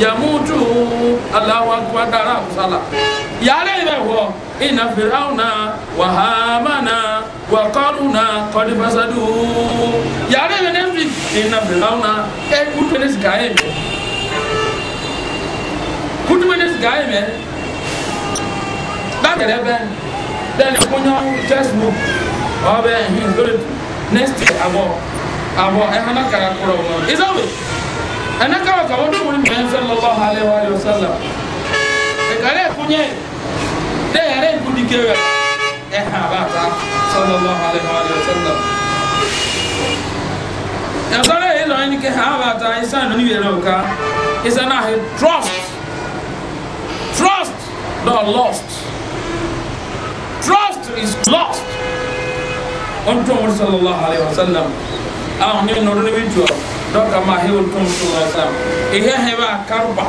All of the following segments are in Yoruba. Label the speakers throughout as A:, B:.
A: yamutu alahu musala yàrá ibẹ̀ wọ firawuna wà hamana wà kọ́rùnà kọ́ni fasadu yàrá ibẹ̀ fi iná firawuna ẹ e, kutu ní sika yẹ mẹ kutu ní sika yẹ mẹ dákẹ̀rẹ̀ bẹ dẹ́ni kúnyọ́ facebook ọbẹ̀ yìí lórí next abọ́ abọ́ ẹ̀ hànà kàrà kúrọ̀ ana kawa ka wani wani mai sallallahu alaihi wa sallam e kare kunye de yare kudi kewe e ha ba ta sallallahu alaihi wa sallam ya zara yi lo ni ke ha ba ta isa no ni yero ka isa na he trust trust not lost trust is lost on to sallallahu alaihi wa sallam aw ni no ni bi do ka ma hiwul tum tu la sam ihe he karba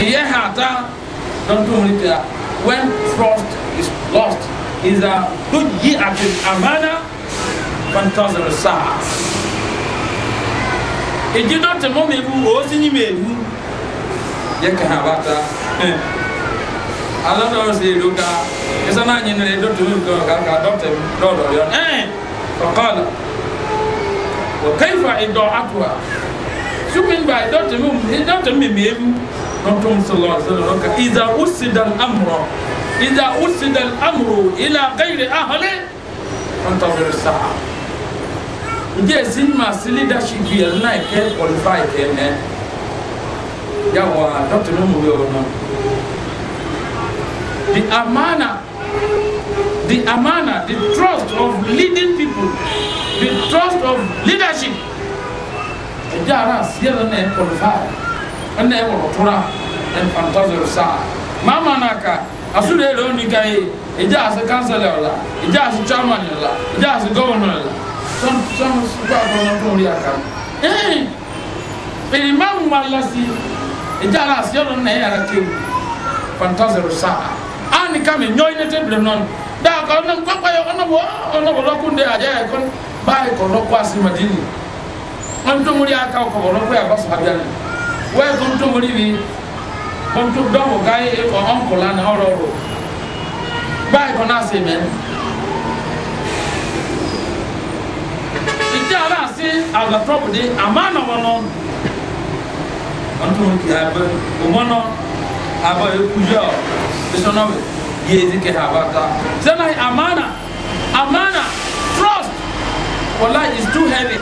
A: ihe ha ta don tu ni when trust is lost is a tuji atil amana fantazir saa eji do te mo me bu o si ni me bu ye ka ha bata ala do se do ka esa na nyi ne do tu ko ka ka do do do yo eh faqala kaifa idɔ atua sumin ba idɔ tɛmɛ idɔ tɛmɛ mɛm nɔtɔm sɔlɔ sɔlɔ ka iza usidal amrɔ iza usidal amrɔ ila kairi ahale nɔtɔmɛ saa njɛ sinima si leadership yɛ n'a ye kɛ qualify kɛ mɛ yawa dɔ tɛmɛ mu yɔrɔ nɔ di amana the amana, the trust of leading people, the trust of leadership. Ẹja ara si ẹ̀rọ náà ẹ̀ qualify ẹ̀nà ẹ̀ wọ̀rọ̀ tóra ẹ̀ fantazio sáà. Màmá náà kà asúlẹ̀ èrè òní kan yìí ẹja àti kánsẹ̀lẹ̀ ọ̀la ẹja àti chairman ọ̀la ẹja àti gọ́vọ̀nà ọ̀la sọ́n sọ́n sọ́n àgbọ̀n náà tó ń rí àká. Èrè máa ń wá lásì ẹja ara si ẹ̀rọ náà ẹ̀ yàrá kéwù fantazio sáà. Á ní ká mi nyọ́ ilé tẹ́bìlì náà da ka na ko ko ona bo ona bo kunde aja kon bai ko no kwasi madini on to muri aka ko bo no ko ya basu habian we kon to muri bi kon to do mo kai e ko on ko la na oro ro bai ko na se men ija ala se aga top de amana wono on to ki aba o mono aba yezi ke habata zana amana amana trust wallahi is too heavy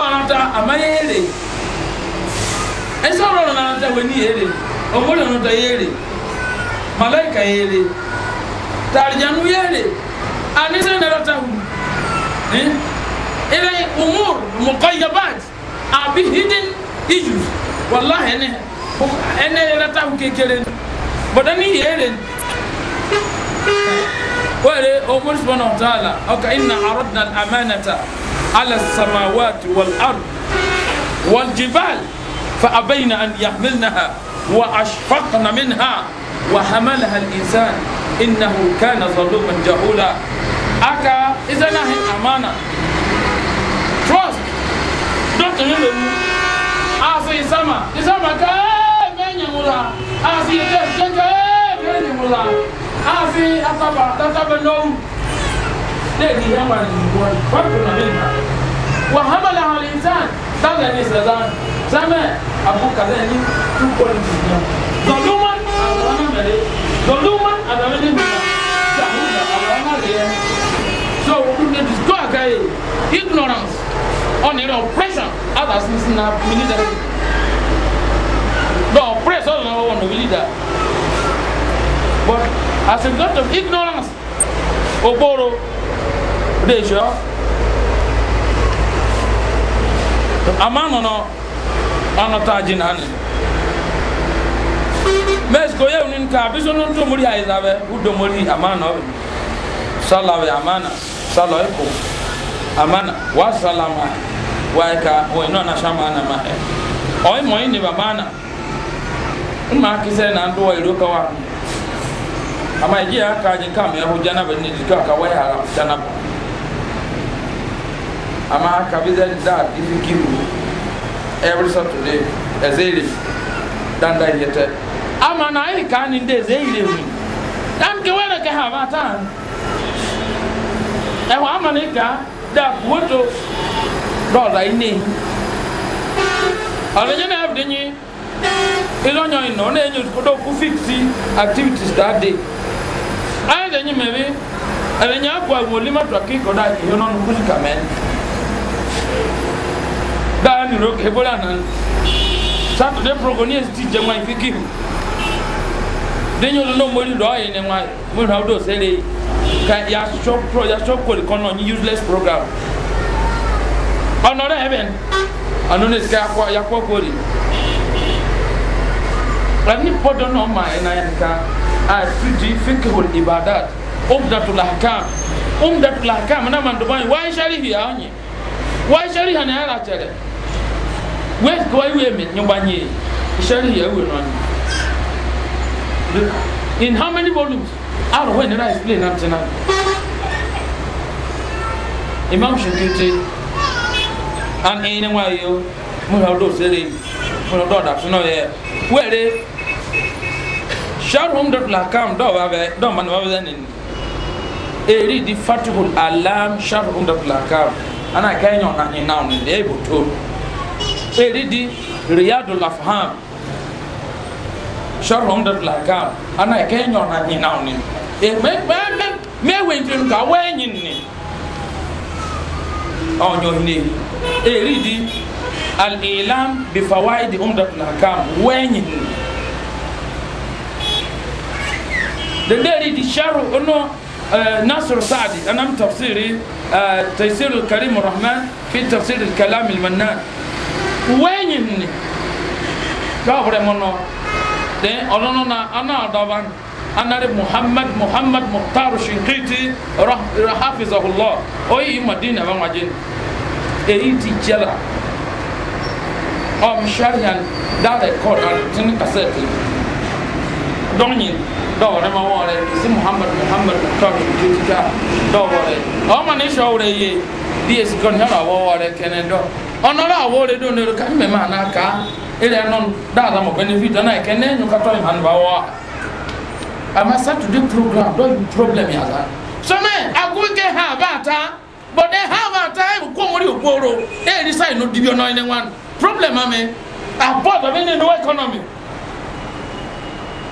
A: ọ̀nàta àmáyéèrè ẹsẹ̀ ọ̀rọ̀ ọ̀nàta wẹ̀ ní èrè ọmọdé ọ̀nàta yéèrè màláìka yéèrè tàrìjànú yéèrè àníṣe nàrọ̀ta wù ní ilẹ̀ umur mọ̀kọ́yabat àbí hidden issues wàláhẹ̀ ẹni ẹni ẹ̀rẹ́ta wù kékeré bọ̀dá ní yéèrè ni. wale omori subhana wa taala aka inna aradna alamanata ala samawati walard waljibal فأبين أن يحملنها وأشفقن منها وحملها الإنسان إنه كان ظلوما جهولا أكا إذا نهي الامانه trust don't hear me أسي سما إسما كا من يمولا أسي تشكا من يمولا afi ataba tataba nɔwu ne di ɛma ne di wɔri wɔri na ne wa hama la hali zan zan ne sɛ abu kaza ni tu kɔli ti diya dɔluma azama ne mɛ de dɔluma azama ne mɛ jahu la azama ne so olu ne di to a ignorance ɔni yɛrɛ oppression ala sinsin na military dɔn oppress ɔlɔlɔ wɔn no military but as a result of ignorance ogboro dey sure ama nọ nọ ọnọta ajin ani mes ko yewu nin ka biso nun to muri ayi zabe u muri amana o salawe amana salawe ko amana wa salama wa ka o ino na shama na ma e o mo ni ba mana ma ki se na ndo wa iroka wa amma ji ya ka ji kam ya hujja na bani ji ka wai haram janaba amma ka bi da da dibi kiru every saturday ezeli dan da yete amma na ai ka ni de ezeli ni dan ke wala ka ha ba ta e wa amma ne ka da kuoto do da ini ọ̀rẹ́jẹ́ náà ẹ̀bùdínyí ilé ọ̀yàn ìnáwó náà ẹ̀yìn òdòkú fíìsì activities that day ɛbɛ nyi mɛ bi ɛbɛ nyi akɔ awoli ma tɔ ki kɔda yi yɔnɔ nu kusi kamɛ daa ni ro kebo la nan saturday program ni esi ti jɛ ŋa ifi kim den yɔ lɔnà mori lɔ yi ne ŋa mo na o do sele ka yasɔ pro yasɔ kori kɔnɔ ni useless program ɔnɔ dɛ ɛbɛn ɔnɔ ne sika yakɔ yakɔ kori ɛni pɔdɔ nɔ ma ɛna yɛ nika. alfiji fikihul ibadat umdatul ahkam umdatul ahkam na man dubai wa sharihi ya onye wa shariha na yara tere we ko iwe me nyobanye sharihi ya we non in how many volumes are when I explain am tonight imam shukiti an ene wa yo mo do sele mo do da tuno ye were sharhum dot lakam dɔw b'a bɛ dɔw ma na b'a bɛ nin eri di fatihul alam sharhum dot lakam ana kɛ ɲɔgɔn na ɲinan nin de e b'o to eri di riyadul afham sharhum dot lakam ana kɛ ɲɔgɔn na ɲinan nin e mɛ mɛ mɛ mɛ wɛntirin ka wɛn ɲin ɔ ɲɔgɔn ne eri di al ilam bifawaidi umdatul hakam wɛn ɲin nin. denderi di sharu ono ناصر سعدي أنا تفسيري تيسير الكريم الرحمن في تفسير الكلام المنان وين كابر منو ده أنا أنا أدوان أنا محمد محمد مختار شنقيتي حافظه الله أي مدينة بمجين أي تجلا أم شريان دار القرآن تنكسرت دونين dɔwɔrɛ ma wɔɔrɛ isi muhammadu muhammadu tɔhi tutuka dɔwɔrɛ ɔma ne sɔwɔrɛ ye die sikɔni hɛn awɔ wɔɔrɛ kɛnɛ dɔ ɔnɔrɔ awɔɔrɛ do ne do ka mɛ maa n'a ka ele anɔn daadam ɔbɛnɛ fi dɔnna yɛ kɛnɛ nyɔ katɔ yi hanuba wɔ ama saturday program dɔ yi problem yala sɔmɛ agoge ha b'a ta bɔdɛ ha b'a ta e ko mori o gboro e yɛrɛ sa yi no dibi ɔnɔ yi ne ŋwan problem amɛ a bɔ dɔ bɛ ne economy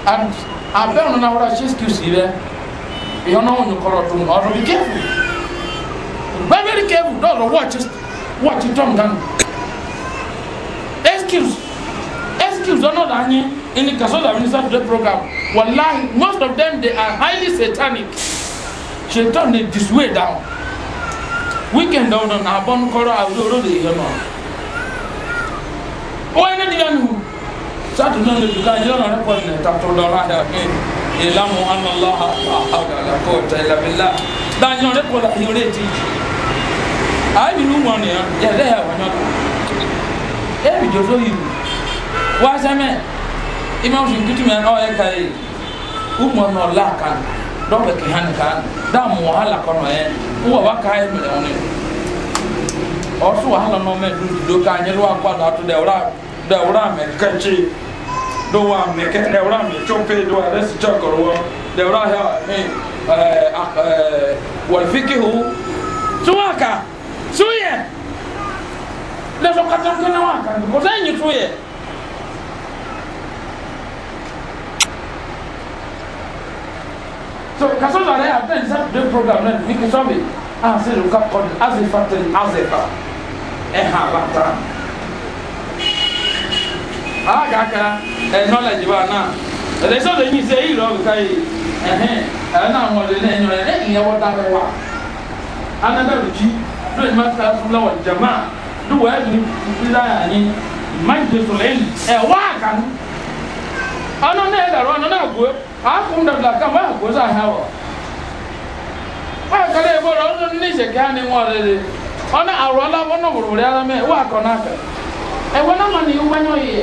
A: and abẹ́rù nínú àwọn ṣe skills rẹ ìyọ́n náà wọ̀nyí kọ́rọ̀ tó ọ̀rọ̀ bí kẹ́fù bẹ́ẹ̀rẹ̀ kẹ́fù dọ́ọ̀lù wọ́ọ̀tì tọ́m dánù excuse excuse ọ̀nà dání in the kasola minister today program wàláhi most of them they are highly satanic She shaitan dey disway down weekend ọ̀nà àbọ̀nukọ́rọ̀ àwùjọ olóde ìyọ́nà ó ẹni dìgbà nù sátú náà lè dùkà yọrọ rẹ pọ ní tàtó lọrọ àyà pé ìlànà anàlá àhàlà kò tẹ ìlàbílà dájọ rẹ pọ láti orí ètí ìjì àìbí ló wọn nìyẹn yẹlẹ ẹ wọn yọdọ ẹbí jọjọ yìí wá sẹmẹ ìmọ̀ òsì kìtìmẹ̀ náà ẹ̀ ká yìí umu ọ̀nà ọ̀la kan dɔbɛ ki han kan daa mu wahala kɔnɔ yɛ eh. n wa ba kaa yɛ mɛlɛ wani ɔsu oh, wahala nɔ mɛ du do kaa nyɛ do wa kɔ do ato dɛ wura dɛ wura mɛ kɛntsi do wa mi ke de wura mi cho pe do wa res cha kor wo de wura ha mi wal fikihu suwaka suye de so katam kana wa kan ko sai ni suye so kaso da ya den sa de program na mi ke so mi a se ru ka kon azifa ten azifa e ha bata aga aka knowledge eh, ba na ɛdɛ sɛ ɔdɛ nyi sɛ eyi lɔɔri ka yi ɛhɛn ɛna wɔn de eh, na nyɔrɔ ne nyɛ wɔ eh, da wa anada do wɔ jama do wɔ yɛ anyi sɔrɔ ɛwɔ aka ne yɛ dara na agoe akom dabila kam wɔyɛ agoe sa aha wɔ wɔyɛ kala yɛ bɔlɔ ɔno ne sɛ de la ala mɛ akɔ ɛwɔ yɛ.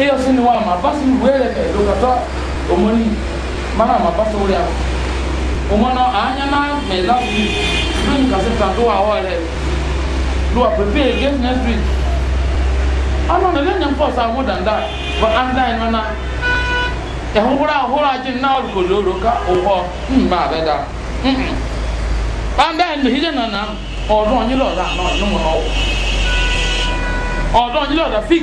A: eyo sin wa ma basi wele ke do ka to omoni mana ma basi a ya omono anya na me la fi do ni ka se ta do awo prepare against next week ana na le nyam force amu dan da ba an da ni na e ho ra ho ra na ko do ka o ho ma be da hmm. an da ni na na ọdún ọyìn lọ́dà náà ni mo náà ọdún ọyìn fix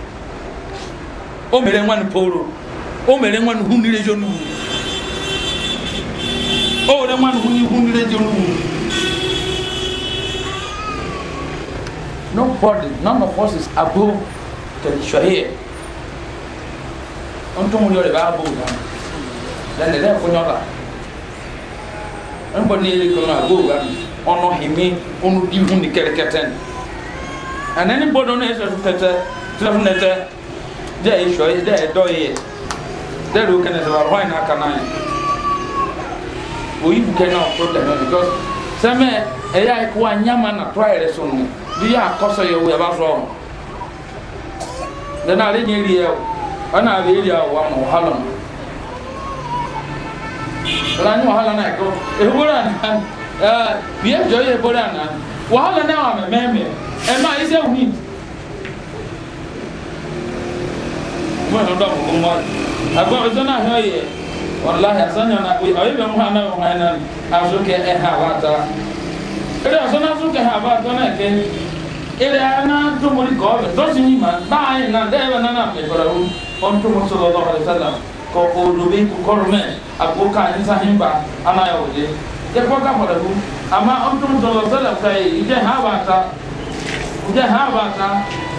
A: o mere nwa ni poro o mere nwa ni hunire jo nu o re nwa ni huni hunire jo nu nobody none of us is above the shahir on to mo yore ba above na then the ko nyola nobody ni ko na above ba ono himi onu di huni kereketen and anybody on is respected 12 letter dɛ yɛ sɔ dɛ yɛ dɔ yɛ dɛ yɛ kɛnɛ sɛ wa hɔn na kana yɛ oyi bu kɛnɛ o problem yɛ because sɛmɛ ɛyɛ ayɛ ko wa nyama na tura yɛrɛ so no bi yɛ akɔsɔ yɛ o yɛ ba sɔrɔ dɛ na ale nyɛ eri yɛ o ɔna ale eri yɛ o wa ma o halɔ no ɔna ni wahala na yɛ ko ehubora na ɛɛ bi yɛ jɔ yɛ ebora na wahala na wa mɛmɛmɛ ɛma ayise win. kuma na dɔm ko ŋmɔre a gbɔ ɛsɛ na hɛn yɛ walahi asanya na o ayi bɛ wa ta ɛdɛ aso na so kɛ ha wa ta na kɛ ɛdɛ ana tomori kɔ ɔbɛ dɔsi ni ma baa yi na dɛ bɛ nana mɛ kɔrɔ o ɔn tomo sɔrɔ lɔɔre alisa la kɔ o dobe kɔrɔ mɛ a ko ka nisa hin ba ana yɛ o de yɛ ka kɔrɔ o ama ɔn tomo sɔrɔ lɔɔre alisa la fɛ yi jɛ ha ta jɛ ha ta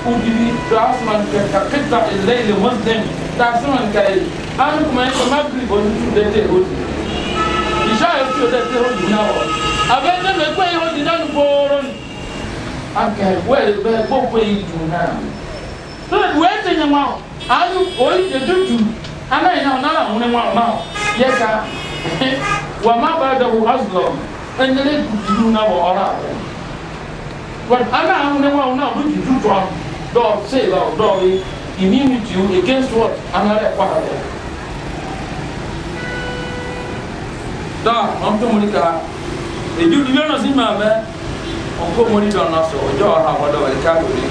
A: ujibi rasman ka e ka qita al-layl muslim ta sunan ka yi an kuma e ko magri bo tu de te ho isha yo e tu de te ho na ho abende me ko yo di na boron aka we be bo ko yi du na so we te nya ma anu o yi de tu tu ana ina na na hun ma ma ye ka wa ma ba da hu azlam en le du na wa ora wa ana hun ma na bu tu tu dɔw se la o dɔw ye immunity you against what another part of da wọn tó mori ka èdè ìdílé ọ̀nà sí màá mẹ́ wọn kó mori dàn náà sọ ọjọ́ ọ̀hà wọn dọ̀wọ̀ ẹ̀ka lórí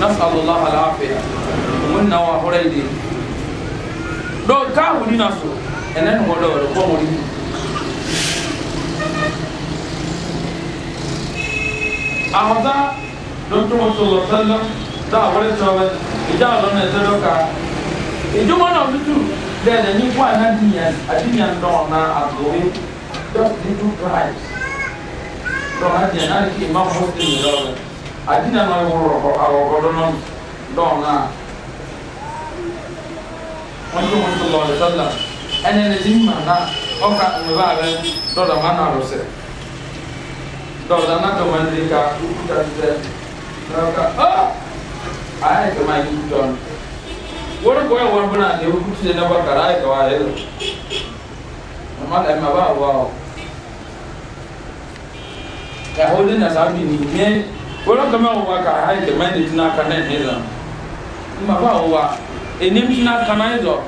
A: nasalọlá aláàfẹ́ wọn nà wọn ahọ́rẹ́ ìdè dọ̀ọ̀ káàwù ní náà sọ ẹ̀nẹ́ ni wọn dọ̀wọ̀ ẹ̀kọ́ mori yìí. àwọn tá dɔntɔmɔ sɔlɔ sɛlɛ daa wɔle sɔbɛ ìjà lɔn na ɛsɛ dɔ kaa ìdúmɔ náà tutu dɛ dɛ ní na àgbòwe just little price dɔn na dìnyɛn náà kì í má fún sí ìyẹn lɔbɛ na wọn tó wọn sɔlɔ sɛlɛ ɛnɛ ní ti mà náà ɔka ŋmɛbɛ abɛ dɔdɔ má nà lɔsɛ dɔdɔ raka ah ai ka ma yi don wani koyan wani bana da ya hukunci na bakara ai ka wa ya yi amma da ma ba wa ka hodin na sabi ni me wani kama wa ka ai ka mai da tuna ka nan ne zan ma ba wa enim tuna ka nan zo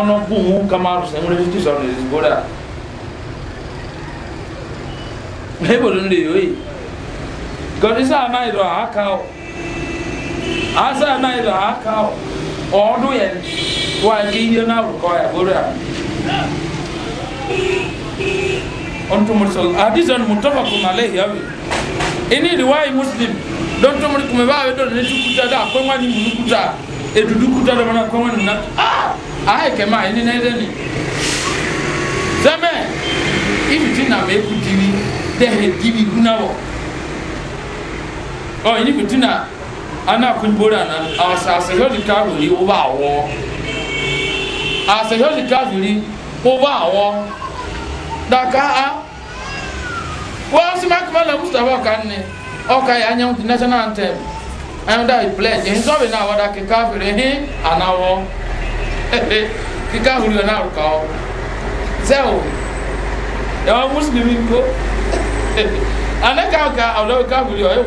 A: ono buhu kama sai mun ji sọ ne zibora Bible ndio hii God isa na iro aka o o ọdụ ya wa ke ihe na rukọ ya bụrụ ya onto mursal hadithun muttafaqun alayhi yawi ini riwayi muslim don to muri kuma bawe don akwai wani munukuta e dudukuta da mana na ah ai kema ini ne ne zame ibi me ọ yìí níbi tún náà anákùnbóra náà àṣà àṣeyọ́lì káàkiri ó bá àwọ̀ àṣeyọ́lì káàkiri ó bá àwọ̀ dàkà á wọ́n sì máa kọ́mọ́lá mustapha ọ̀ka ni ọ̀ka yà á nyẹ́ ti national anthem ẹ̀hún dà ìpìlẹ̀ ẹ̀hún sọ́ọ̀bì náà wọ́n dà kí káàkiri ẹ̀hín ànáwọ́ kí káàkiri ọ̀nà àrùkà ọ̀ sẹ́wọ̀ ẹ̀wọ̀n mùsùlùmí kó anẹ́kàkà ọ̀dọ́ káàkiri ọ̀yọ́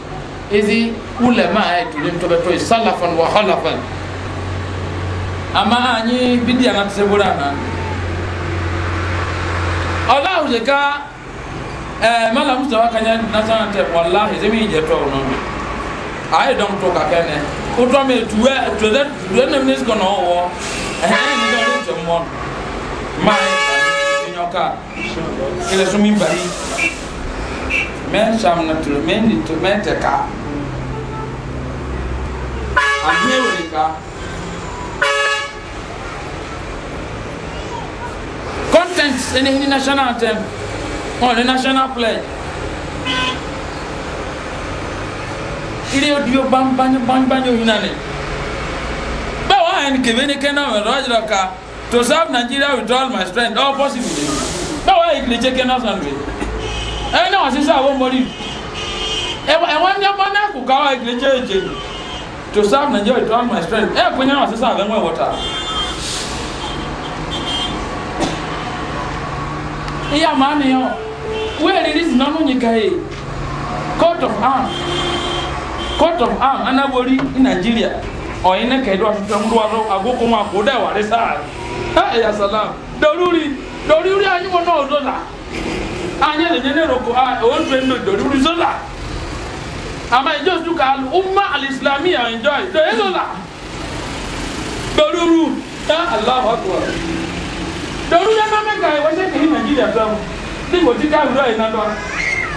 A: izi ulama ay e tulim to beto salafan wa khalafan ama anyi bidi an se burana allah je ka eh mala mustawa kanya nasana te wallahi zemi je to no ay don to ka kene o to me tuwe to that to na minis kono wo eh, eh ni do to mon mai e nyoka ile sumi bari men samna tulo men ni to men te ka ahiewunika content ɛne hini national anthem ɔne oh, national pledge ire odio bambanye bambanye ohinane báwo àyẹn kèmé ni kẹ́ńdà wẹ̀ lọ́jọ́ ká to serve nigeria with all my strength all possible báwo àyẹn kìlẹ̀ jẹ́ kẹ́ńdà sànwé ẹ̀ náà wọ́n sísá àwọn mọ́rí ẹ̀wọ̀n ní ọmọ náà kò káwọ́ àyẹn kìlẹ̀ jẹ́ èjè yìí to serve Nigeria with all my strength. Eh, kunyanya na sasa avengwe water. Iya mani yo. Where it is nanu nyikaye. court of arm. court of arm anabori in Nigeria. Or in a kedo asutu mdu wazo agoko mwa kuda wa resa. Ha eh, ya salam. Doruri. Doruri anyi wono odola. Anya le nyene roko a ah, o ndo ndo doruri zola ama enjoy duka al umma al islamiyya enjoy to yelo la doruru ta allah akbar doruru na mame kai wase ke nigeria tamu ni ko ti ka ro ina do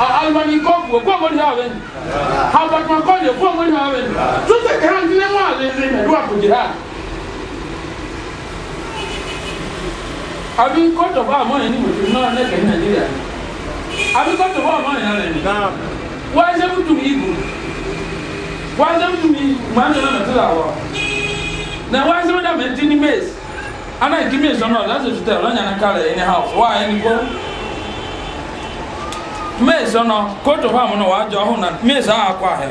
A: almani ko ko ko mo ni hawe ha ba ko ko ni ko mo ni hawe to se ke han ni mo ale ni me do ko jihad àbí kọ́tọ̀ bá àmọ́ yẹn ní mòtò náà lẹ́kẹ̀ẹ́ nàìjíríà àbí kọ́tọ̀ bá àmọ́ yẹn rẹ̀ ní. wanze butum igu wanze butum igu mwanze na metila wa na wanze na metini mes ana ikimi zono lazo tutel lonya na kale house wa go mes ha mo wa jo ho na mes a akwa he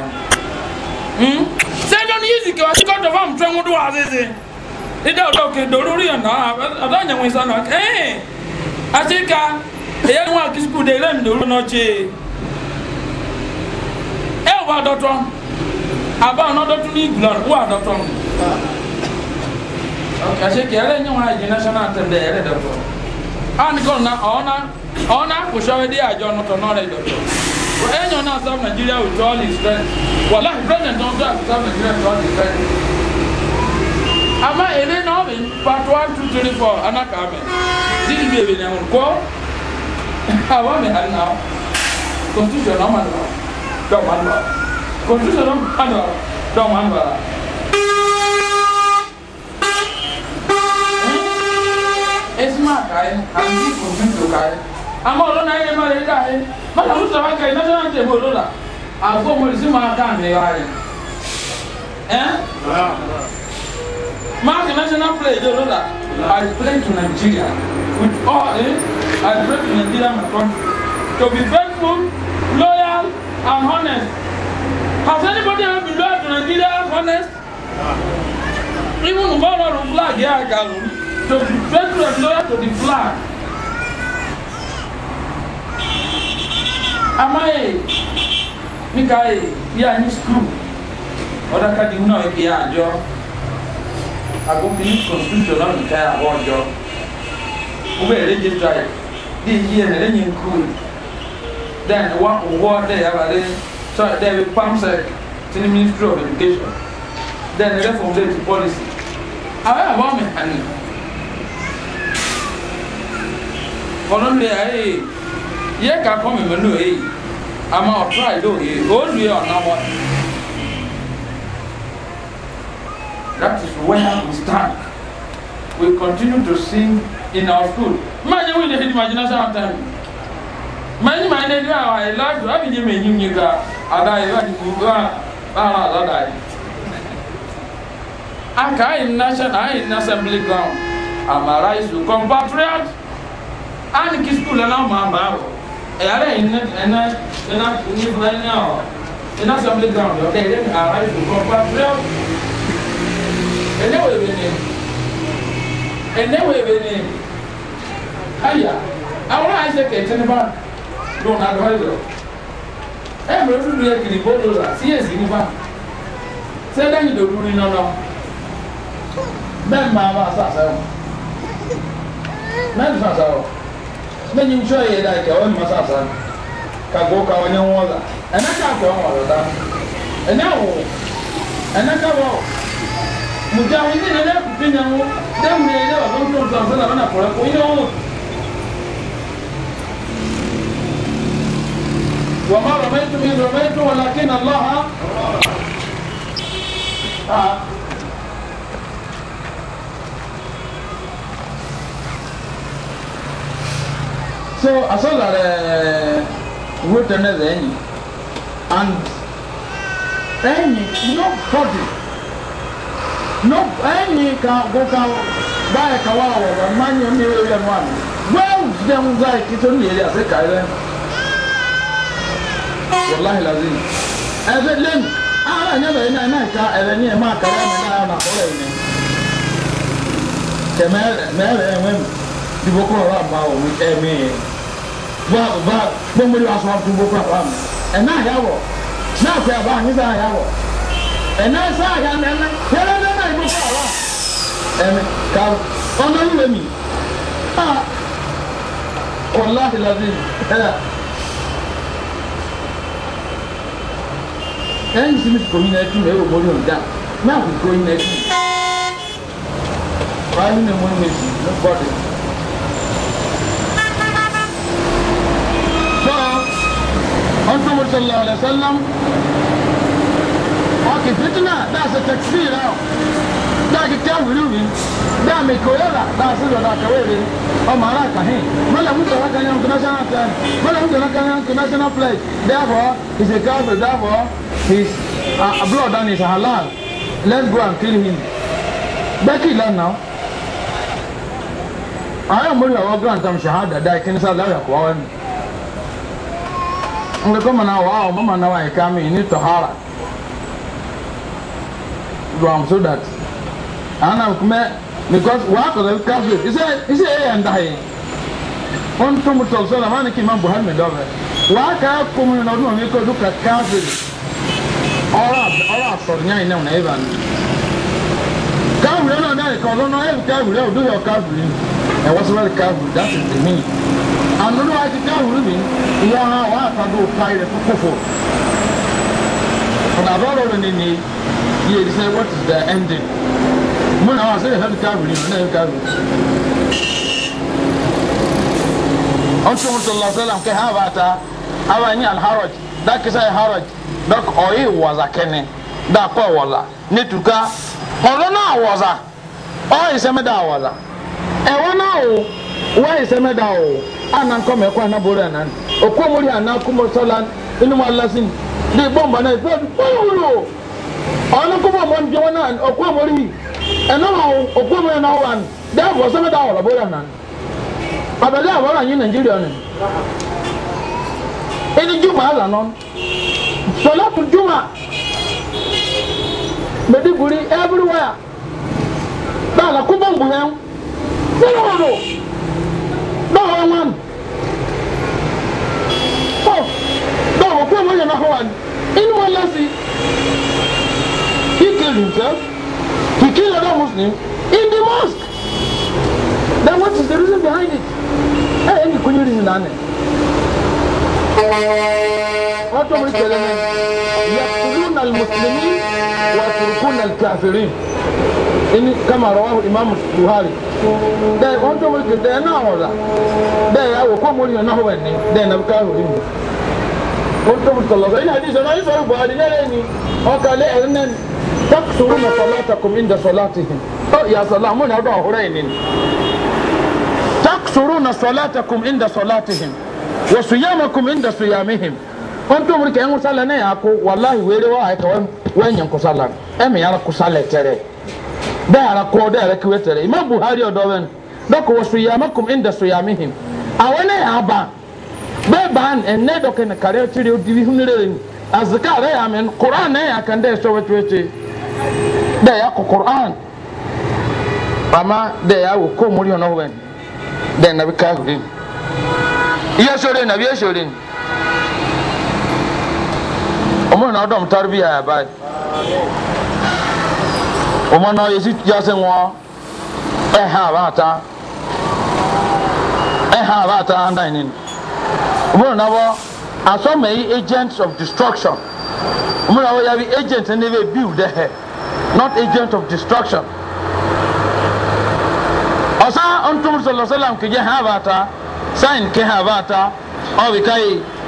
A: hm se jo ni yizi ke wa ti mo do ida ke na adanya wisa na eh asika eya nwa kisku de lem no wa dɔtɔ aba ɔnɔ dɔtɔ ni wa dɔtɔ kasi nyɛ national anthem dɛ dɔtɔ ani kɔn na ɔna ɔna kusɔwɛ adzɔ nɔtɔ n'ɔlɛ dɔtɔ nyɔ na south nigeria wala president south nigeria ama na anaka didi bi ebi na ɛwɔ kɔ awɔ mi hali na constitution ɔma dɔw ma nɔgɔ constitution dɔw ma nɔgɔ dɔw ma nɔgɔ la. esima kae andi constitution kae ama olu na ye ma le kae mata musa ma kae national team olu la agbo mo play de olu la i play to nigeria with all eh i play to nigeria my country to be faithful loyal and honest. Has anybody ever been loved in Nigeria and honest? Even the honor of flag, here, I can. To be faithful and loyal to the flag. Am I? Mikael, yeah, in school. Ọ̀dà kadi hùnà ìkè yà àjọ. Agbófin ní constitution náà nìkan yà àbọ̀ ọjọ́. Ó bẹ̀rẹ̀ register yìí. Bí iye ẹ̀ lẹ́yìn kúrò then one award there about then so they will pump sec to the Ministry of Education. Then the rest of them to policy. Àwọn àwọn mi hàn ní. Ọ̀nà mi yà ẹ́ yẹ ká kọ́ mi mọ̀ ní òye àmọ́ ọ̀tọ́ àìdó òye ó lu yẹ ọ̀nà wọn. That is where we stand. We continue to sing in our school. Imagine yẹ wíìlì ìdí màjínà sáà tán. mani mani ni awa elaju abi je me nyinyi ga ada ila di buga ara ada dai aka in national in assembly ground amara isu compatriot and ki school na ma ba ro e ara in na na na ni ba ni o in assembly ground o de ni ara isu compatriot ene we be ni ene we be ni aya awra ise ke tene ba lóun advisor ẹ mọ̀ lórí rẹ̀ kiri bọ́ọ̀lù rà sí èsì nípa ṣé lẹ́yìn lòdù rí nánà bẹ́ẹ̀ máa máa sàṣàrò mẹ́rin sàṣàrò lẹ́yìn iṣẹ́ ìyẹ̀dá ìkẹ́ ọ́ ni máa sàṣàrò kàgbó ka ọ̀nyẹ́ wọn là ẹ̀ná ká àkọ́ wọn ọ̀rọ̀ dá ẹ̀ná wò ẹ̀ná ká wọ̀ mùjáwé ní ẹ̀ná kùtù nyẹ́ wọn dẹ́mu ní ẹ̀yẹ́ ọ̀gbọ́n tó ń sọ̀rọ̀ sọ́nà ọ̀nà kọ̀ọ̀rọ̀ kò yẹ wọn. وما رميت إذ رميت ولكن الله آه. So I saw that uh, written as any, and any nobody, no any can go can buy a kawawa, man you need one. Well, them guys, it's only as a guy. Eh? wàláhì lazim ẹbí lẹ́nu ara ẹ̀yẹ́ bẹ̀rẹ̀ náà náà ká ẹ̀rẹ̀ ní ẹ̀mọ́ àkàrà ẹ̀mọ́ náà nà ọ̀rẹ́ ẹ̀yẹ́ kẹ mẹ́rẹ̀ ẹ̀wẹ́ mu dìbò kúrò ọ̀rọ̀ àmọ́ àwọn ẹ̀mí yẹn bá bá pọ́nmọ́lì wa sọ wọn dìbò kúrò ọ̀rọ̀ àmọ́ ẹ̀ náà yà wọ̀ náà fẹ́ bá yín sáà yà wọ̀ ẹ̀ náà sáà yà mẹ́ ẹ̀mẹ́ náà náà dìbò kúrò ọ̀rọ̀ ẹ̀mẹ́ ká ọ̀nà ìwé mi e e e ah wàláhì lazim ẹ̀ ẹ̀yìn sí mr community mi ẹ̀rọ mọ́rí ọ̀dà náà kò kó iná ẹ̀dí. Wáyé ní mo ní méjì ní bọ́ọ̀dù. Sọ ọ̀tún mo sọ̀rọ̀ ọ̀rẹ́ sẹ́lẹ̀m. Ọkì fitina dáàsì tẹ̀kisì rẹ̀ ọ̀. Dáàkì tẹ́ wìrì Dáàmì kòlẹ́rà dáàsì lọ́dọ̀ àkàwé rẹ̀. Ọmọ ara kàhín. Mọ̀lẹ̀ mú sọ̀rọ̀ kan yẹn kò national mú sọ̀rọ̀ kan yẹn kò national flag. Therefore, ìṣèkáfẹ̀ his uh, blood and his halal let's go and kill him bẹ́ẹ̀kì lánàá ayé àmúlò àwọn grand am shahada dá ìkíni sá lára kọ́ wọn ni nǹkan kọ́ mọ̀ náà wà á ọmọ mọ̀ náà wà á ìka mi ní tọ́hárà do am so that ana kumẹ because wàá kọ̀ lẹ́yìn káfíìn iṣẹ́ iṣẹ́ yẹn ń dá yẹn wọ́n tún mu tọ̀ sọ́la wọ́n á ní kí n má buhari mi dọ́bẹ̀ wàá kà á kọ́ mu ní ọdún òní kọ́ ọdún kà káfíìn ọrọ asọrọnya yìí náà ẹ̀bà ni káàbùrẹ́ náà náà ẹ̀ka ọ̀dọ́ náà ẹ̀ka káàbùrẹ́ ọ̀dọ́ yọ káàbùrẹ́ ẹ̀wọ́ sọ́wọ́ ẹ̀ka káàbùrẹ́ that is the mean ànúnú wa ti káàbùrẹ́ mi ìyá ha wà á ta bó pa ẹ̀rẹ́ kókófò ọ̀nà àbọ̀rọ̀ rẹ̀ nìyí yìí èyí sẹ́ what is the ending mo náà wà sẹ́yìn ẹ̀ka káàbùrẹ́ mi náà ẹ̀ka káàbùrẹ́ ọ̀tún mùsùlùmí sẹ́lẹ̀m kẹ́ ha bàtà àwọn ẹ̀yìn alharaj dákísà ẹ̀ haraj donc ɔye wɔza kɛnɛ da kɔ wɔza n'etuka tuka ɔlɔ naa wɔza ɔye sɛmɛ da wɔza ɛwɔ naa o wɔye sɛmɛ da o ana nkɔmɛ kɔ ana bori ana okomori ana kumɔ sɔla inuma lasin de bɔnba na ekpe kpɔwulo ɔno kumɔ mɔni jɔn na okomori ɛnuma o okomori na wa da wɔ sɛmɛ da wɔla bori ana abɛlɛ awɔra anyi nigeria ni ɛni juma ala nɔ. Salatu Juma, Mediguri, everywhere. Bala kubongu yẹn. Nínú ọ̀rọ̀, báwo wọn? Ọ̀ báwo kó wọ́n yẹn náà wà ní? Inú wọn lọ́sí. He killed himself. He killed another Muslim in the mosque. Then what is the reason behind it? Ẹ ẹ́ ní kúnyìrì ní nàánẹ̀. هاتوا الكلمين يقتلون المسلمين ويتركون الكافرين إن كما رواه الإمام البخاري ده هاتوا الكلمين ده نعوض ده أو كم مرينا نحو أني ده نبكاه هنا هاتوا من الله إن حديث أنا يسأل بعدين لا أكل أوكا تكسرون صلاتكم عند صلاتهم أه، يا سلام من هذا هرين تكسرون صلاتكم عند صلاتهم وصيامكم عند صيامهم on to muri kengu sala ne yako wallahi were wa ay kawem wenyen ko sala e me yara ko sala tere da yara ko da yara kiwe tere imam buhari o dowen doko wasuyamakum inda suyamihim awane aba be ban enne doke ne kare tiri o divi hunire ni azkar ya men qur'an ya kan da so wetwete da ya qur'an ama da ya wo ko muri ono wen da na bi ka ọmọ náà dọ̀m tarbiya yà báyìí ọmọ náà yẹ sí yàsẹ̀ wọn ẹ̀ hà bàtà ẹ̀ hà bàtà ndàn yìí ọmọ náà wọ asọ́mọ̀ yìí agents of destruction ọmọ náà wọ yà bí agents ní bẹ́ẹ̀ bíu dẹ̀ hẹ̀ not agents of destruction ọ̀sán ọ̀ntúnmùsọ̀lọ́sọ́làm kìí jẹ́ hà bàtà sáyìn kìí hà bàtà ọ̀ bìkáyìí.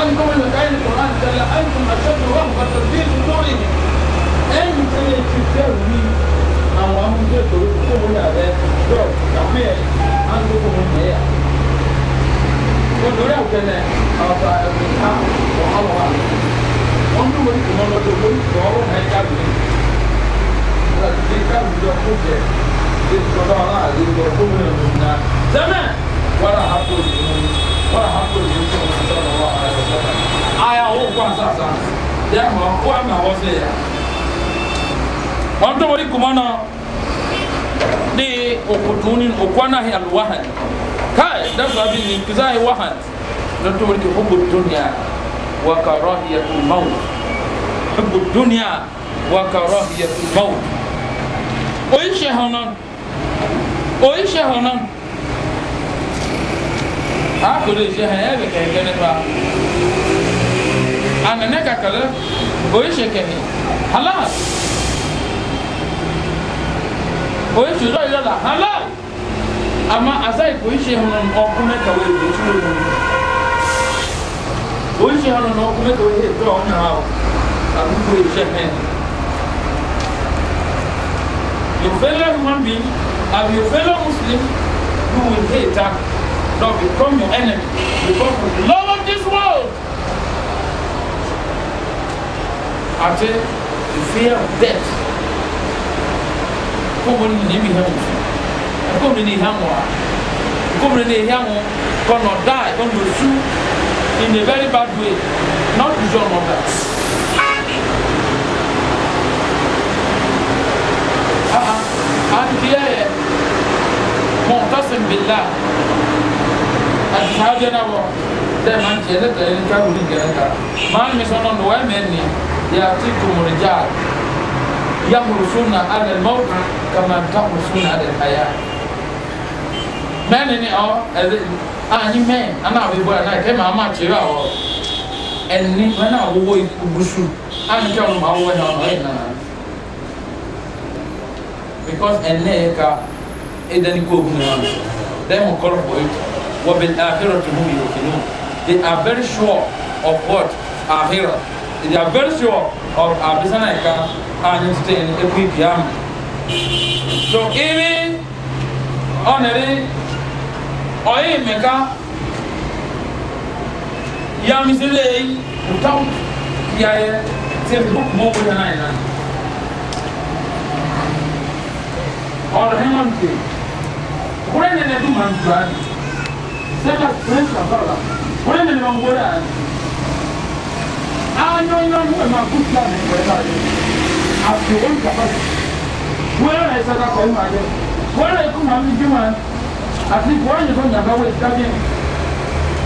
A: أنتم الذين القرآن جل أنتم أشد رهبة في صدورهم أنت تسوي àwọn amúndé torí kókó wọn yà bẹ dọ kàmú yẹ andó kó wọn yẹ wọn lórí àwùjọlẹ ọba ẹbí ká wọn á wà wọn bí wọn kò mọ lọ́dọ̀ wọn kò ọwọ́ náà ká mi wọn àti ti ká mi lọ kó jẹ ṣe tọdọ ọlá àti lọ kó wọn yẹ lọ nà sẹmẹ wọn àhàpọ ìlú wọn àhàpọ ìlú tó wọn sọ̀rọ̀ aya wo kɔ asasa yɛ hɔ ko ama wɔ se ya wɔn tɔmɔ di de okutuni okwana hi alwahan kai da sabi ni kizai wahan don tɔmɔ di hubu dunya wa karahiyatul maut hubu dunya wa karahiyatul maut oyi se hɔn nɔn oyi se hɔn nɔn a kò lè se hɛn ɛ bɛ kɛ kɛnɛ fa anene kakala oishe kehe halal oishe do ilala halal ama asai koishe honon okume kawe oishe oishe honon okume kawe do onya wao akuko oishe he your fellow human being and your fellow muslim who will hate that don't become your enemy because you love of this world àti fear of death kɔmɔni ni bi hɛn muso kɔmɔni ni hɛn wa kɔmɔni ni hɛn wo kɔnɔ die kɔnɔ su in a very bad way not of usual number. أنبياء معتصم بالله الصحابة نبوا ده من جلد ده اللي كانوا يجلد ما المسلمون way, man. يأتيكم رجال يمرسون على الموت كما تمرسون على الحياة mẹ́rin ni ọ anyi mẹ́rin ana àbíbọ ẹ̀ náà kẹ́mi àmà kyerẹ́ ọ ẹni mẹ́rin àwọwọ́ ìbùsù àni kẹ́ ọ̀nà àwọwọ́ ẹ̀ náà ọ̀yẹ̀ náà because ẹ̀nẹ́ yẹ ká ẹ̀dẹ́ni kó ogun náà dẹ́mu kọ́rọ̀ bọ̀ yìí they are very sure of what are here they are very sure of abisanaika and stay in equipiam so even onere oye meka yamisile without yare te book mo ko na ina or hemon ke kure ne ne du man tuani sema kure sa bala kure ne ne mangora anyɔnyɔ nu ɛma ku fila mi wɛ ta yi afi o nkapa yi wɛrɛ yɛ sɛ kakɔ yi ma yɛ wɛrɛ yɛ kuma mi bi ma ati wɔ yɛ sɔ nyaba wɛ ta bi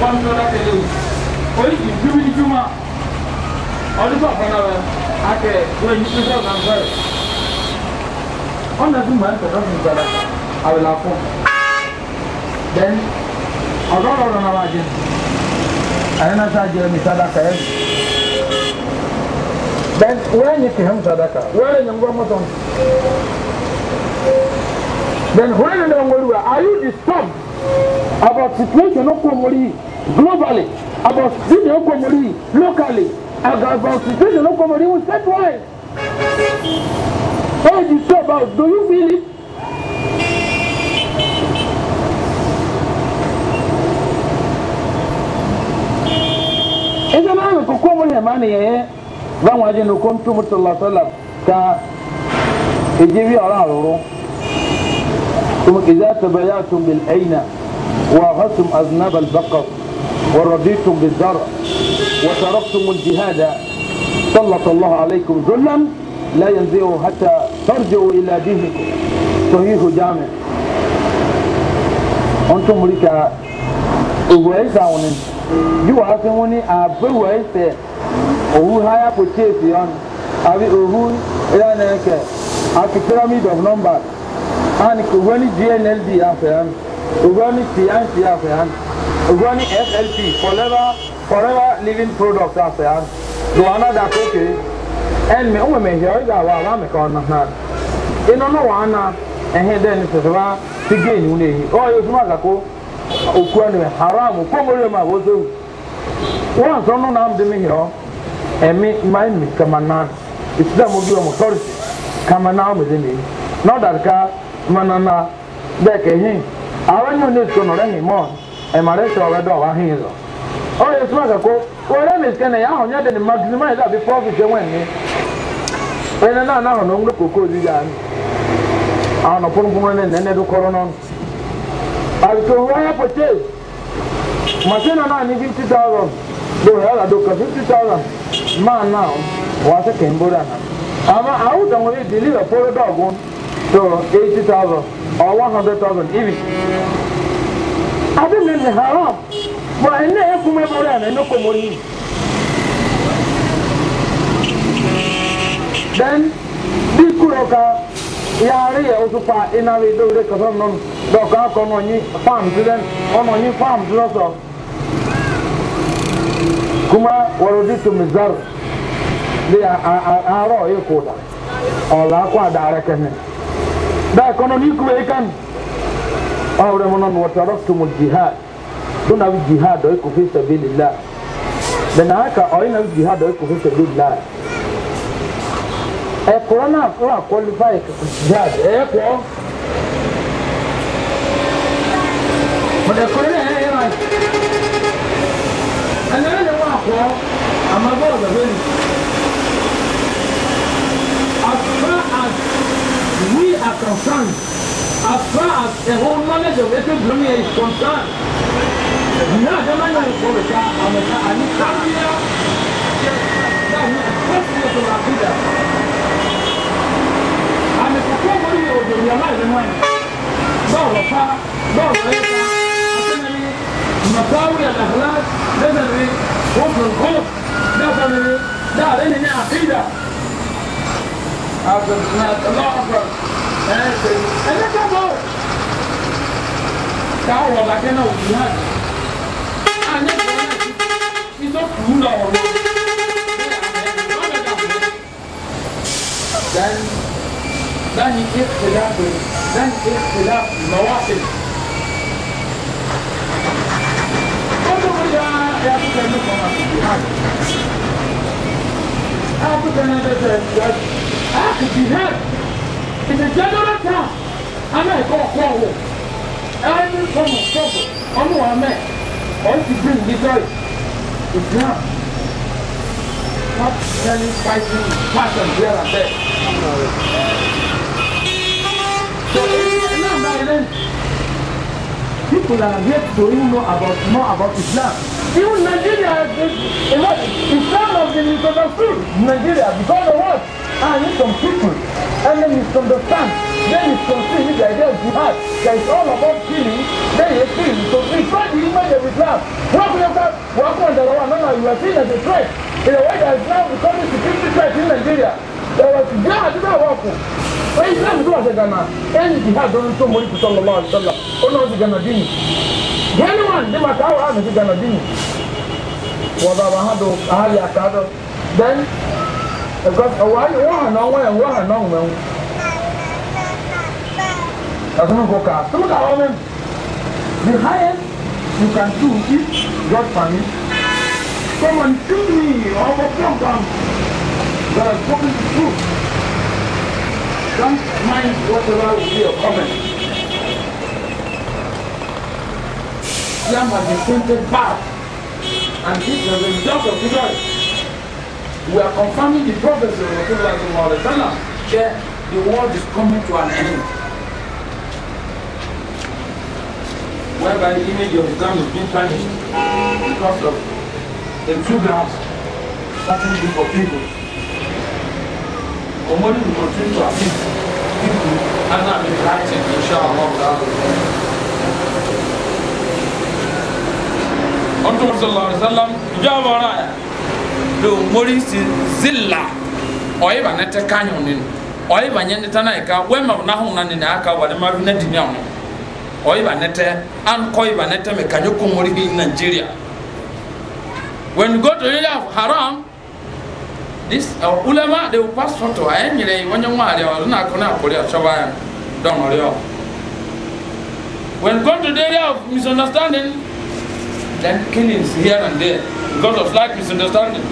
A: wɔn tɔ la kele o oyi ti bi bi bi ma ɔdi sɔ fana wɛ akɛ wɛ yi ti sɛ kan fɛ ɔna ti ma yɛ tɔtɔ mi gbɛrɛ awela fɔ then ɔdɔ lɔrɔ na ma jɛ ayɛlɛ ta jɛ mi sadaka yɛ dan wani fihim sadaka wani nyangwa mutum then wani da ngolwa are you disturbed about situation of komori globally about situation of komori locally about situation of komori with set wise how disturbed about do you feel it Ese mami kukumuli ya mani yeye báwọn ajé nu kóńtù mùtòlá sọlá ka èjì bí ọ̀rọ̀ àrùrù tuma ìdá tàbáyà tún bil ẹ̀yìnà wà hàtùm aznab albakar wà rọ̀dìtùm bil zara wà tàrọ̀tùm jihada sallàtà allah alaykum zullan la yanzihu hata tarjiu ila dinikum sahihu jami on tún múri ka ìwé ìsàwọn ni yíwá fi wọn ni àbẹ̀wò ẹsẹ̀ owu ha ya purchase on abi owu ya na eke aki pyramid of numbers and owu ni gnld afẹ ya owu ni tnc afẹ ya owu ni flp forever forever living product afẹ ya do another koke ẹn mi ọmọ mi hìá ọyọ àwọn àwọn àmì kan náà iná náà wàá na ẹhìn dẹ́ni sọ̀tọ̀ bá ti gé ìnú n'èyí ọ̀ yóò túmọ̀ àgàkó òkú ẹni haram kó mo rí ẹ̀ máa wọ́n sẹ́wù wọ́n sọ nínú náà ń dín mi hìá ọ́ ɛmi my mi kamana esi dɛ mo bi wɔn sɔri kamana wɔn de mi n'ɔdari ka manana bɛɛ kɛ hin àwọn yóò ní ìsọnù rẹ yìí mọ ẹmọ rẹ sọ ọrẹ dọ wá hin lọ. ó yẹ súnmọ́ kẹ́kọ́ wọlé mi sẹ́nẹ̀ yà hàn yẹ́dẹ̀ ní magazine máa yẹ dàbí pọ́ọ̀fù ṣe wẹ̀ ní. ẹni náà náà hàn ọ́nú kòkó òdi yá ni. àwọn ọ̀nà ní ẹ̀nẹ́ ẹ̀dú kọ́rọ́ náà. àbùtò wọ́n yẹ pèsè màsínà náà ní fifty thousand lóhùn ẹ̀rọ fifty thousand man now was a Cambodia. Ama I would only deliver for a dog one eighty thousand or one hundred thousand, even. I don't mean haram. But I never come over and no come on Then, this Kuroka, Yari, also far in a way, do the Kazan, Doka, Kononi, farm to them, Ononi farm to us kuma waroditu mizar de arɔ yi ko da ɔla kɔ a daara kɛnɛ daa ni kube ikan ɔwurɛ mu nɔn wɔtɔrɔ tumu jihad tun na bi jihad ɔyi kofi sabili la bɛn e na aka ɔyi na bi jihad ɔyi kofi sabili la ɛkɔrɔ naa kɔ a kɔlifa jihad ɛyɛ kɔ mɛ ɛkɔrɔ naa yɛ yɛ kọ́ àmọ́ gbọ́dọ̀ ni as far as we are concerned as far as a whole knowledge of ethnic belonging is concerned ní àdámáyà ìkọ́ rẹ̀ ká àmọ̀ká àníkà náà ní àkọ́sí ètò àkúdà àmì kòkó wọlé òjò ìyàmá ìrìnwá yìí bọ́ọ̀lù pa bọ́ọ̀lù ẹ̀ka. مساوي الاخلاق نزل ايه؟ كفر الخلق نزل ايه؟ ده علينا ان عقيده اكبر سمعت الله اكبر ماشي انا كفر تعوض عشان اوجهات انا في دوك هنا والله ده ده اختلاف ده اختلاف المواقف ẹni kan máa tètè general town àná ẹ̀kọ́ ọ̀kọ́ ọ̀wọ̀ ẹni form of trouble ọmọ wa mẹ́ ọ̀n ti bring destroy Islam. Not many fighting passion here and there. So, Islam, my friend, people are yet to even know about more about Islam. In Nigeria is, is not, Islam has been misunderstood in Nigeria because of what? I need some people and then misunderstand. They misconceive the idea of jihad that is all about killing. Then you feel so it's not the image of Islam. What we have got, what we have no, no, you are seen as a threat. In a way that is now becoming security threat in Nigeria. There was jihad in our work. But Islam is not a Ghana. Any jihad doesn't so much to Sallallahu Alaihi Wasallam. Oh no, the Ghana Dini genuine de maka awa ano giga na dini wɔdaba ha do aha yɛ aka do then ɛwɔ ayɛ wɔ ha nɔnwɔ yɛ wɔ ha nɔnwɔ yɛ ɛsono ko ka sono ka wɔn mu the highest you can do is god permit someone kill me or overcome am god is talking the truth don't mind whatever will be your comment. Islam has been printed bad, And this is the result of today. We are confirming the prophecy of the Rasulullah that the world is coming to an end. Whereby the image of Islam is being tarnished because of the two grounds certain group of people. Omori will continue to appeal? people as I'm writing, inshallah. ọtún sallallahu alaihi wasallam ìjọ do mori si ọyẹ ba nẹtẹ kanyọ nínú ọyẹ ba nyẹ nẹtẹ náà ká wẹ́ẹ̀mà náhùn náà nínú àká wà ní mari náà dìní ọyẹ ba nẹtẹ ankọ yẹ nẹtẹ mẹ kanyọ kó mori bi nàìjíríà when you go to area of haram this uh, ulama they will pass photo ayẹ nyere yi wọnyẹ wọn àrẹ ọdún náà kọ náà kọrẹ ọsọba yẹn dọ̀n ọrẹ ọ when you go to the area of misunderstanding then killings here and there because of slight misunderstanding.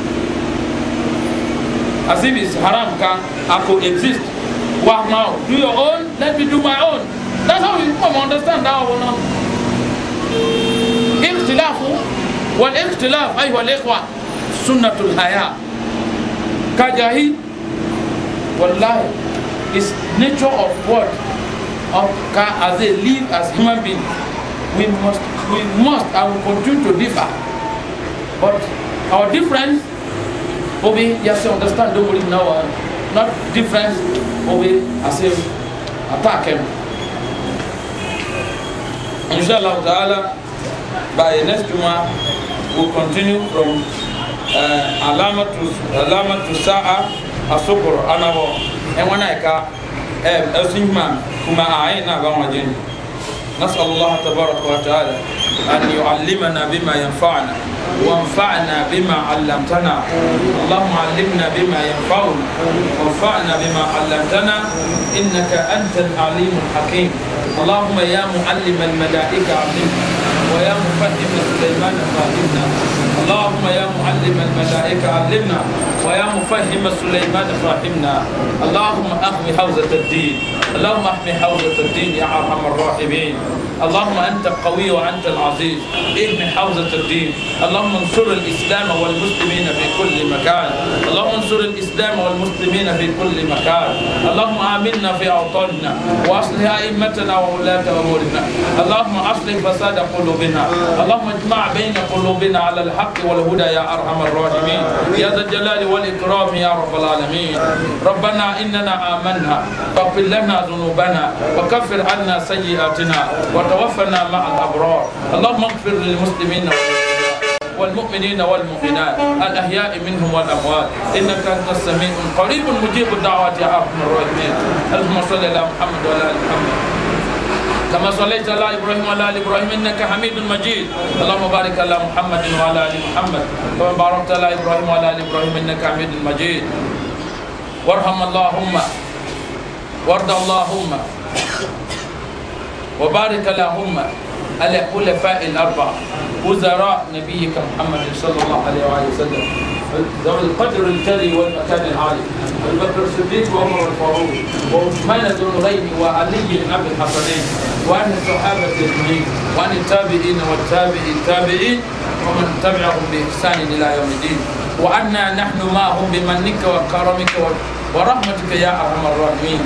A: As if it's haram can I could exist. Wow now, do your own, let me do my own. That's how we come understand now or not. اختلاف والاختلاف أيها الإخوة Sunnatul haya. Kajahi. والله is nature of what of ka as they live as human being we must we must and will continue to differ but our difference will be yes you understand don't worry now uh, not difference will be as if attack him inshallah ta'ala by next month, we'll continue from uh, alama to alama to sa'a asukuru anabo and when I ka eh, kuma ayin na ba wajen نسأل الله تبارك وتعالى أن يعلمنا بما ينفعنا وانفعنا بما علمتنا اللهم علمنا بما ينفعنا وانفعنا بما علمتنا إنك أنت العليم الحكيم اللهم يا معلم الملائكة علمنا ويا مفهم سليمان فهمنا اللهم يا معلم الملائكة علمنا ويا مفهم سليمان فهمنا اللهم أحمي حوزة الدين اللهم أحمي حوزة الدين يا أرحم الراحمين اللهم أنت القوي وأنت العزيز اهمي حوزة الدين اللهم انصر الإسلام والمسلمين في كل مكان اللهم انصر الإسلام والمسلمين في كل مكان اللهم آمنا في أوطاننا وأصلح أئمتنا وولاة أمورنا اللهم أصلح فساد قلوبنا اللهم اجمع بين قلوبنا على الحق والهدى يا أرحم الراحمين يا ذا الجلال والإكرام يا رب العالمين ربنا إننا آمنا فاغفر لنا ذنوبنا وكفر عنا سيئاتنا وتقبل وتوفنا مع الأبرار اللهم اغفر للمسلمين والمؤمنين والمؤمنات الأحياء منهم والأموات إنك أنت السميع قريب مجيب الدعوات يا أرحم الراحمين اللهم صل على محمد وعلى آل محمد كما صليت على ابراهيم وعلى ال ابراهيم انك حميد مجيد اللهم بارك على محمد وعلى ال محمد كما باركت على إبراهيم وعلى ال ابراهيم انك حميد مجيد وارحم اللهم وارض اللهم وبارك اللهم على خلفاء الأربعة وزراء نبيك محمد صلى الله عليه وآله وسلم ذو القدر الجلي والمكان العالي البكر الصديق وعمر الفاروق وعثمان ذو الغيب وعلي بن أبي الحسنين وعن الصحابة أجمعين وعن التابعين والتابعي التابعين ومن تبعهم بإحسان إلى يوم الدين وعنا نحن معهم بمنك وكرمك ورحمتك يا أرحم الراحمين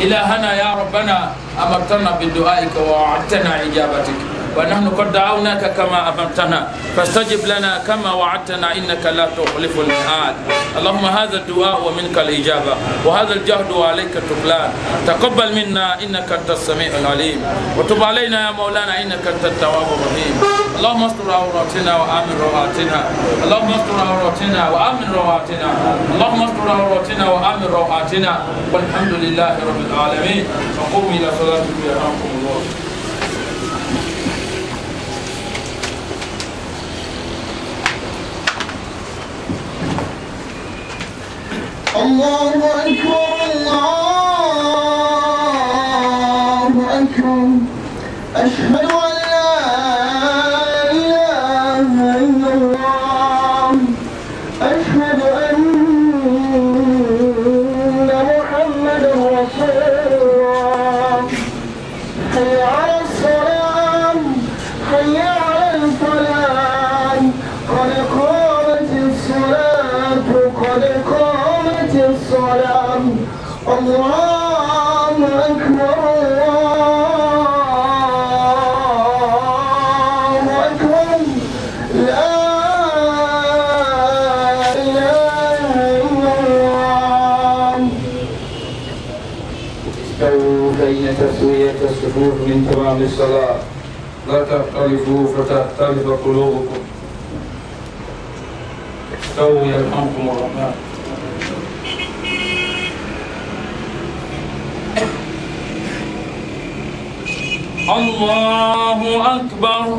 A: إلهنا يا ربنا أمرتنا بدعائك ووعدتنا إجابتك ونحن قد دعوناك كما أمرتنا فاستجب لنا كما وعدتنا إنك لا تخلف الميعاد اللهم هذا الدعاء ومنك الإجابة وهذا الجهد وعليك التقلان تقبل منا إنك أنت السميع العليم وتب علينا يا مولانا إنك أنت التواب الرحيم اللهم استر عوراتنا وآمن روعاتنا اللهم استر عوراتنا وآمن روعاتنا اللهم استر عوراتنا وآمن روعاتنا والحمد لله رب العالمين وقوموا إلى صلاتكم يرحمكم الله long one. وأقم الصلاة لا تختلفوا فتختلف قلوبكم سو يرحمكم الرحمن الله أكبر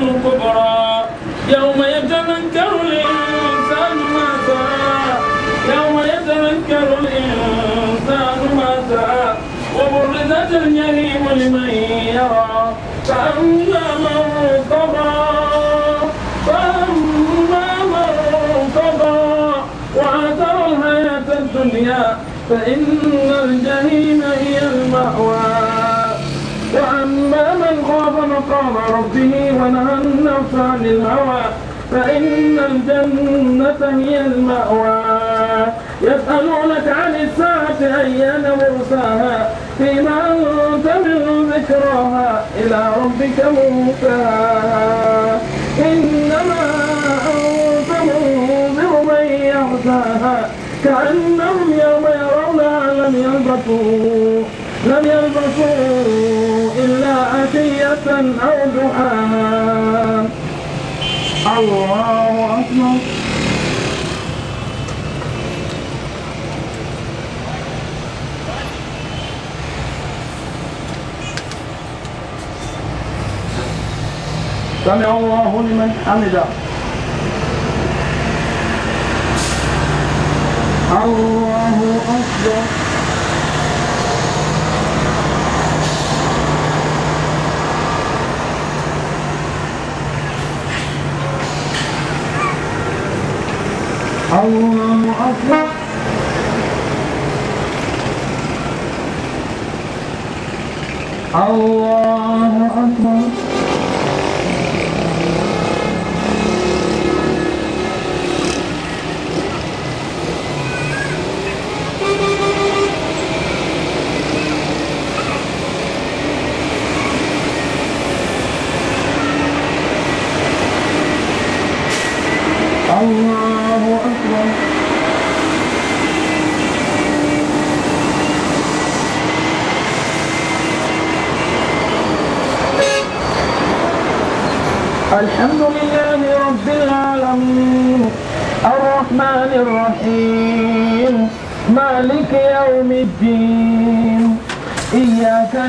A: كبرى يوم يتذكر الإنسان ما سعى يوم يتذكر الإنسان ما سعى وبرزت الجحيم لمن يرى فأما من طغى فأما من طغى وآثر الحياة الدنيا فإن الجحيم هي المأوى وأما من خاف مقام ربه ونهى النفس عن الهوى فإن الجنة هي المأوى يسألونك عن الساعة أيان مرساها فيما أنت من ذكراها إلى ربك موتاها إنما أنت منذر من يغزاها كأنهم يوم يرونها لم يلبثوا لم يلبثوا إلا عشية أو ضحاها الله أكبر سمع الله لمن حمده الله أكبر الله أكبر الله أكبر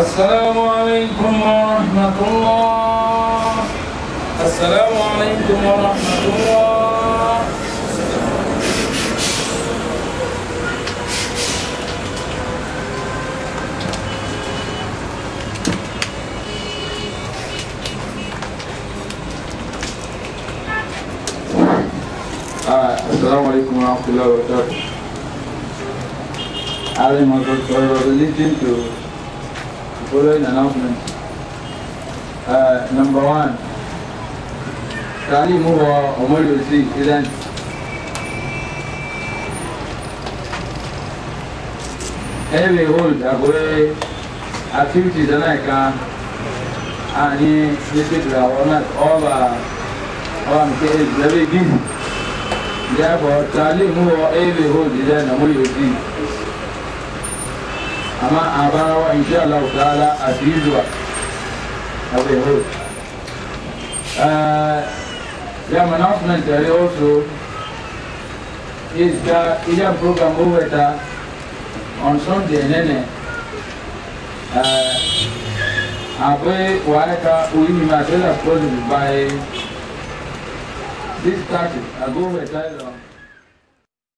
A: السلام عليكم ورحمة الله السلام عليكم ورحمة الله آه، السلام عليكم ورحمة الله وبركاته. I am relating to following announcements. Uh, number one, Kali Muwa Omoliosi event. Every hold away activities and I can and this is our honor over on the very game. Therefore, Kali Muwa every hold is an Omoliosi àmọ́ àbáwá insha Allah ta'ala àti ìzùwà àbẹ̀wò. The announcement today also is the Ijab program over there on Sunday nene. Abe waeka uini masela sponsored by this party. I go over there.